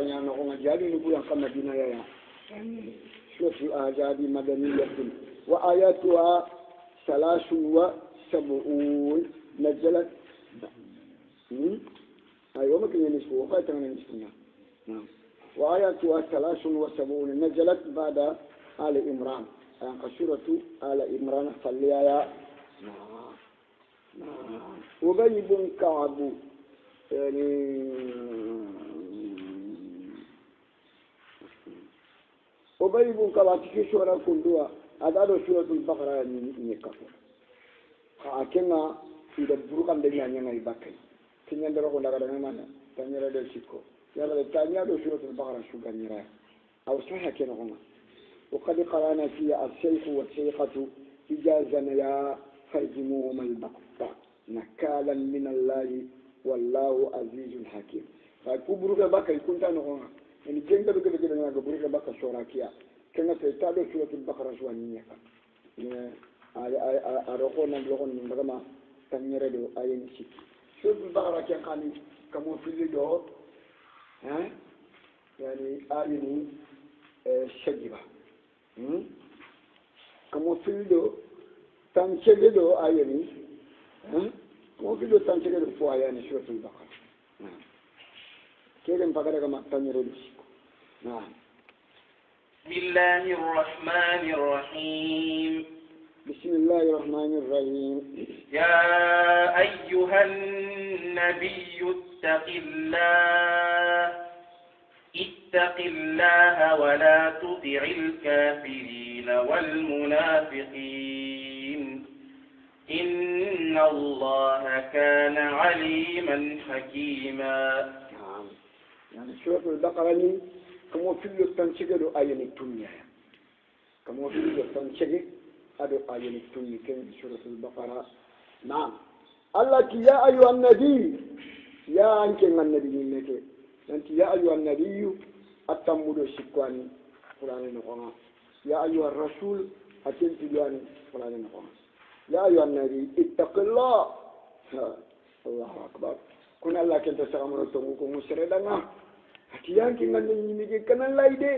فيا نغم جالي نقول أن قم دينا يا شوف الآزاد مدنية وآياتها ثلاث وسبعون نزلت أيوة آه، ما كنا نسوه فاتنا نسوه نعم. نعم وآياتها ثلاث وسبعون نزلت بعد آل إمران أن آه، قصورة آه، آل إمران فليا نعم نعم وغيب كعب يعني obay bun kaba kiki shona kundua adado suratul baqara ni ni kafa ka akenga ida burukan de nyanya ngai bakai tinya ndoro ko daga daga mana tanya de chiko yala de tanya do suratul baqara shuga nyira aw saha kena ko وقد قرانا فيها الشيخ والشيخة إجازة يا فارجموهما البقطة نكالا من الله والله عزيز حكيم فكبروا بك كنت نغنى ini kenda do kebe kebe na go burika baka sura kiya kenga sai ta do sura tul bakara sura ni ah, ya ne ay ay a ro ko nan lo ko ni daga ma tan yere do ay ni ci sura tul bakara kiya kani kamo fili do hein yani ayini shajiba kamo fili do tan shege do ayini kamo fili do tan shege do fo ni sura tul bakara kegen pagare kama tan yere do نعم بسم الله الرحمن الرحيم بسم الله الرحمن الرحيم يا أيها النبي اتق الله اتق الله ولا تطع الكافرين والمنافقين إن الله كان عليما حكيما نعم يعني شوف البقرة kamo fillo tancege ɗo a yani tuñaya kamo fillo tancege aɗo a yani ken suratul bakara naam allah ti ya ayu annabi ya anke annabi ñimmeke nanti ya ayu annabiyu attammuɗo sikkani qur'ani nogonga ya ayu arrasul atentiɗoani no nogonga ya ayu annabi ittaqillah allahu akbar kono allah ken kenta sagamono tongu ko musere ɗanga أتيان كي نعمل نيجي كنا لايدة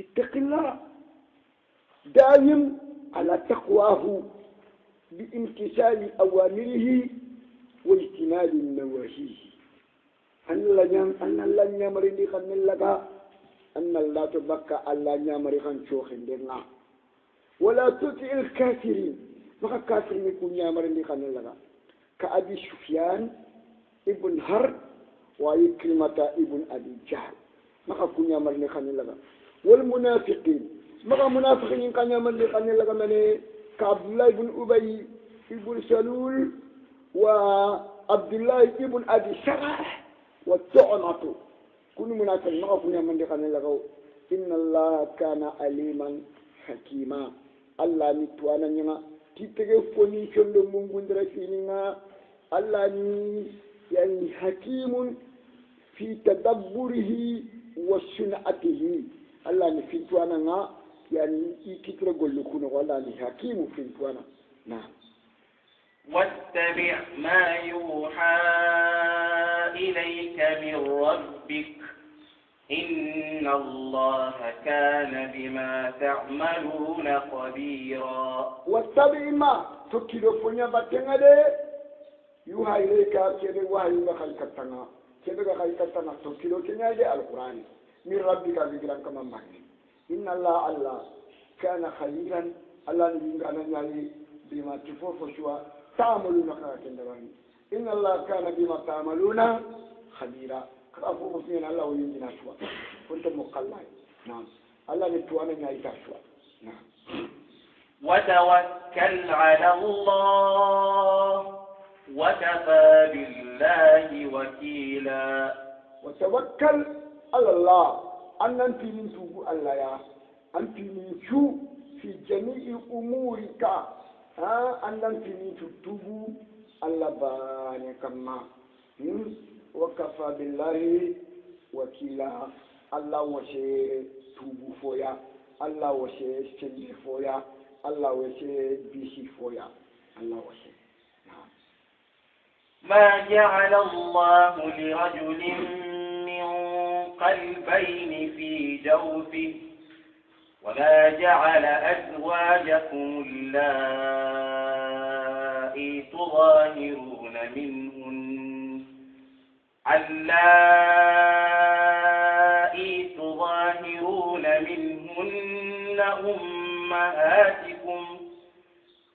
اتق الله دائم على تقواه بامتثال أوامره واجتناب نواهيه أن لا نعم أن لا نعم ردي خن لك أن لا تبكى أن لا نعم ردي خن شوخ دينا ولا تطع الكافرين ما كافر يكون نعم ردي خن لك كأبي سفيان ابن هرب وأي كلمة ابن أبي جهل ما كن يمر خاني لغا والمنافقين ما منافقين كان يمر خاني لغا من كعبد الله بن أبي ابن سلول وعبد الله ابن أبي شرح والتعنط كل منافق ما كن يمر خاني لغا إن الله كان عليما حكيما الله نتوانا نيما تيتغي فوني شندو مونغوندرا فينينا الله ني يعني حكيم في تدبره وصنعته الله نفيتوانا يعني يكتر لكم والله حكيم في توانا نعم واتبع ما يوحى إليك من ربك إن الله كان بما تعملون خبيرا واتبع ما تكيلو فنيا باتنغا يوحى إليك كذا وحي بخل كتنا كذا بخل كتنا تكيلو كنا جاء القرآن من ربك ذكرا كما مهني إن الله الله كان خبيرا الله نبيك أنا نالي بما تفوف شوى تعملون كنا كندراني إن الله كان بما تعملون خبيرا كأفو مسلمين الله وينجنا شوى كنت مقلع نعم الله نتوانا نايتا شوى نعم وتوكل على الله وكفى بالله وكيلا وتوكل على الله أن أنت من سوء الله يا أنت من سوء في جميع أمورك ها أن أنت من سوء الله بارك ما وكفى بالله وكيلا الله وشي توبو فويا الله وشي سلي فويا الله وشي بيشي فويا الله وشي ما جعل الله لرجل من قلبين في جوفه وما جعل أزواجكم اللائي تظاهرون منهن اللائي تظاهرون منهن أمهاتكم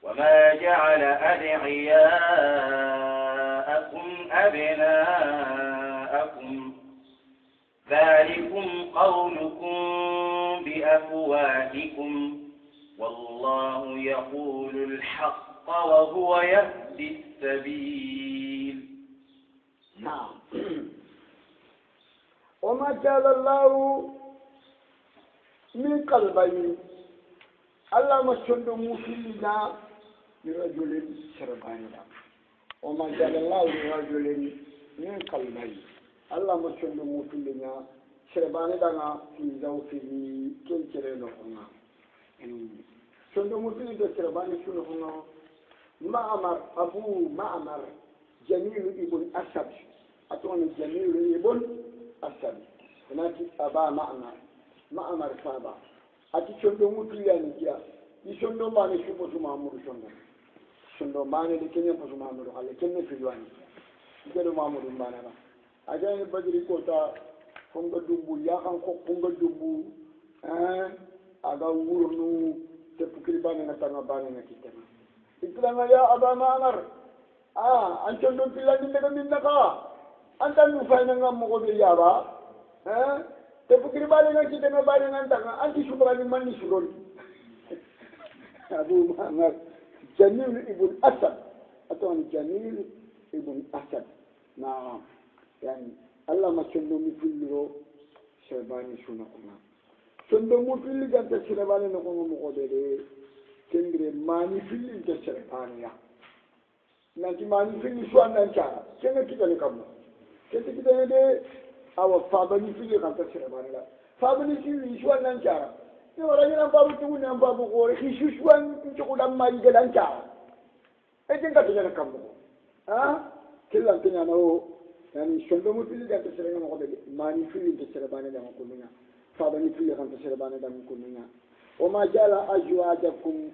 وما جعل أدعياءكم لكم أبناءكم ذلكم قولكم بأفواهكم والله يقول الحق وهو يهدي السبيل نعم وما جعل الله من قلبي ألا مسلم فينا لرجل سربان الأمر وما جعل الله لرجل من قلبين الله مسلم مسلم مسلمنا شربان دعنا في زوفه كل شرنا هنا شنو مسلم ده شربان شنو هنا أمر أبو ما أمر جميل ابن أسد أتوني جميل ابن أسد هناك أبا ما معمر معمر فابا أتي شنو مسلم يعني يا يشنو ما نشوفه شو ما أمور شنو sundo mane de kenya posu mamadou halle kenya fijuani geɗo mamadou mbanana Aja jani badiri kota fonga dumbu kan ko fonga dumbu eh, aga pukiri bane na tanga banena kittana na ya aba mamar a ah, an condon pillandi ndega min naka antan nu faynanga mogoɓe yaaba teppukiri banena bane na ya eh, tanga anti subarani manni suroni abu mamar Jamil ibn Asad atọ́ni Jamil ibn Asad na yani Allah ma kendo mu filliro shebani suna kuma kendo mu filli ganta shebani na kuma mu kodere kendire mani filli ta shebani ya na ti mani filli su an nan cara kenga kita ne kamu kenta kita ne de awa fabani filli ganta shebani la fabani filli su an nan cara yorañinan babu tugunan babu gore hisusuwan cukuɗan mayi gelan cawa etin ka teñana kammugo a killan teñana o yani sondomu fili dan te serenga moxoɓe de mani filin te sere bane dango kunuña faabani fili xan te sere bane dango kunuña wama jala ajwajakum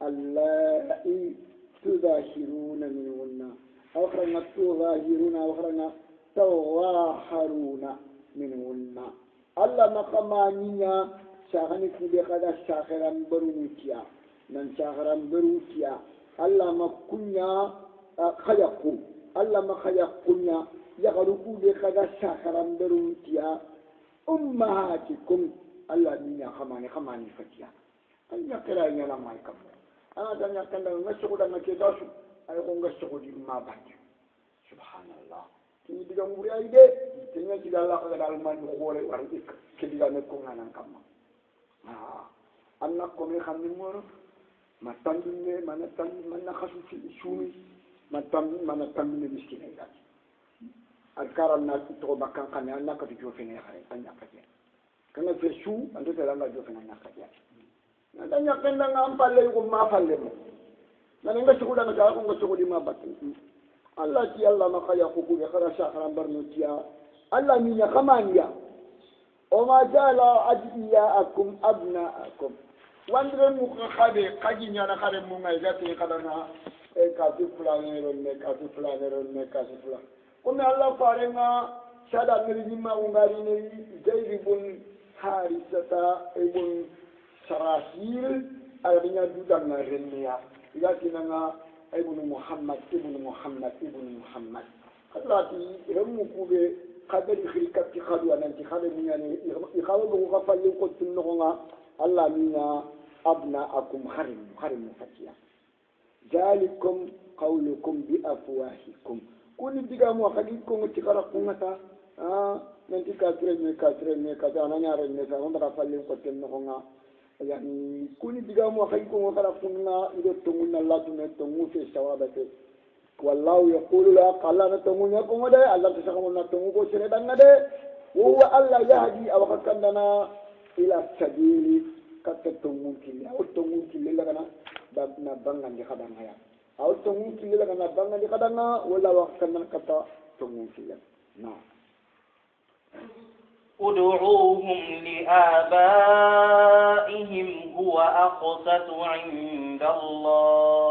allai tudahiruna minhunna awaxaranga tudahiruna awaxaranga tawaharuna minhunna allah maxamaniña ساخنك بقد ساخرا بروكيا من ساخرا بروكيا الله ما كنا خيقو الله ما خيقنا يغرقوا بقد ساخرا بروكيا أمهاتكم الله دنيا خماني خماني فتيا أن يقرأ يلا ما يكفر أنا دنيا كان لما سقودا ما كيداسو أي قنقا سقودي ما بعد سبحان الله tini diga mburi ay de tini ci dal la ko dal man ko wore am na comme yi xam ne moom ma tàmbali ma na tàmbali ma na xasu ci suumi ma tàmbali ma na tàmbali miskina yi daal al karal na togo bakkan xane an nakatu jofene xare an ñakkate kana fe su an to tala nga jofene ñakkate na da ñakken da nga am palle ko ma palle mo na nga ci ko da nga ko nga ci ko di ma bakki Allah ti Allah ma khaya ko ko khara sha kharam barno tiya Allah ni ya kamaniya Omadja la waj iya akum abna akum. Wan ren mwke kade, kagi nyan akare mwme jate, kadana e kazi flan e ron, e kazi flan e ron, e kazi flan. Kounan la fare nga, sada ngeri nma ungari neri, jayri bon harisata, e bon sarasil, albina doudan nga ren mea. Yati nga, e bon mwhammat, e bon mwhammat, e bon mwhammat. Hatlati, ren mwkube, kadari khil kapti khadu anan ti khadu ni ani ikhawa go ga fallu ko tunno nga alla mina abna akum harim harim fatiya zalikum qawlukum bi afwahikum kuni diga mo khadi ko ngati khara ko ngata ah nanti katre me katre me kada ananya re me sa ngata fallu ko tunno nga yani kuni diga mo khadi ko ngata khara ko nga ido tungunna la tunne tungu fe sawabate wallahu yaqulu la qalla na tangu nya ko de allah ta sakamu na tangu ko sire dan de huwa allah yahdi aw hakandana ila sabili katta tangu kille aw tangu kille la kana na bangan di khadanga ya aw tangu kille la kana bangan di khadanga wala wa hakandana katta tangu kille na ادعوهم لآبائهم هو أقسط عند الله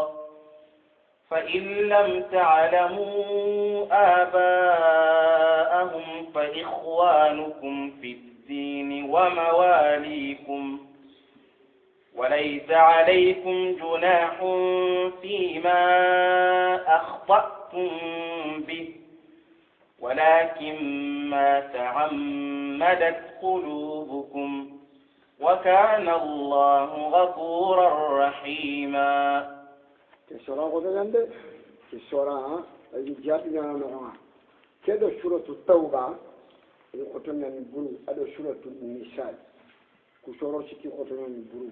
فإن لم تعلموا آباءهم فإخوانكم في الدين ومواليكم وليس عليكم جناح فيما أخطأتم به ولكن ما تعمدت قلوبكم وكان الله غفورا رحيما كسورة قدرند كسورة الإجابة نعمة كده سورة التوبة يقتلنا من برو هذا سورة النساء كسورة شكي قتلنا من برو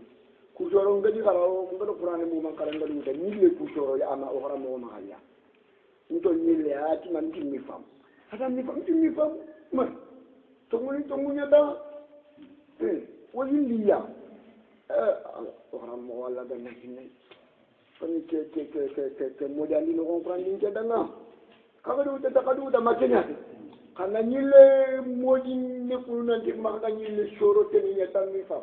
كسورة نجدي قرأوا نجدي القرآن موما قرأنا نجدي نيل كسورة يا أما أخرى موما عليا نتو نيل يا تما نتو نفهم هذا نفهم نتو نفهم ما تقولي تقولي هذا وين ليا أخرى موما لا ده نجدي fani ke ke ke ke ke ke modali no on kan ninja danga kaga do ta kaga do ta makenya kana nyile modi ne kunna dik maka nyile soro te ni yata mi fa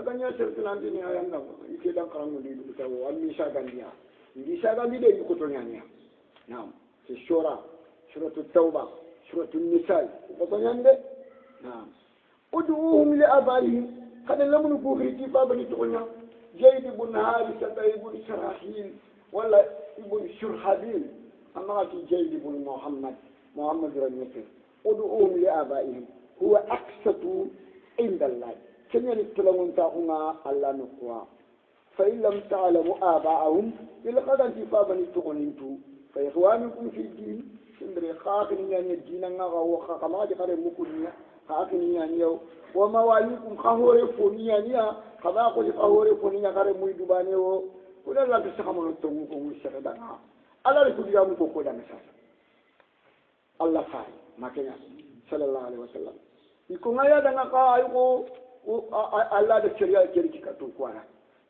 aga nya ser tan ni ayanga ike dan karangu di du ta wa mi sha gan dia ndi sha gan di de ko to nyanya nam se shora suratu tauba suratu nisa ko to nyande nam ud'uhum li abaihim kada lamunu buhri ti fa bani to nyanya زيد بن هارثة ابن سراحيل ولا ابن شرحبيل أمرت زيد بن محمد محمد رميته ادعوهم لآبائهم هو أقسط عند الله كم ينتلون تاهما ألا نقوى فإن لم تعلموا آباءهم لقد فابن تغنيتوا فإخوانكم في الدين سندري خاخن يعني الدين نغا وخاخ ما دي قرر مكنيا خاخن يعني ومواليكم خهور فونيا kama ko fa hore ko ni ngare muy dubane o ko da la bisa kamano to ngu ko ngu sere dana ala ko diga mu ko ko da mesa allah fa makanya sallallahu alaihi wasallam iko ngaya dana ka ayo allah da shari'a ke ki ka to kwara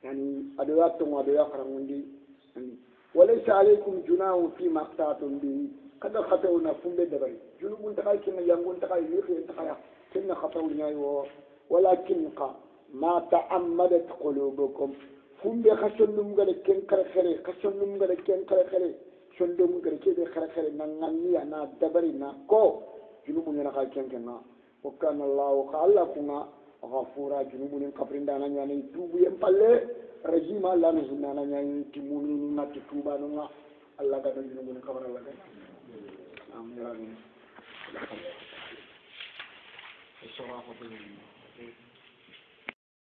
yani adawa to ma adawa karangundi وليس عليكم جناح فيما اقتعتم به kada khataw na fumbe dabari junubun ta kai kin yangun ta kai ni kin ta kai kin na khataw ni ayo walakin ka ma taammadat qulubukum fumbe ka sondum gada ken kare kare ka sondum gada ken kare kare sondum gada kebe kare kare na nganniya na dabari na ko junubu nyana ka ken ken na wa kana allah ka allah kunga ghafura junubu nin kaprinda na nyani tubu yem palle rajima la no hinna na nyani timuni ni na tuba no nga allah ga junubu nin kabara la ga am yara ni الشرافة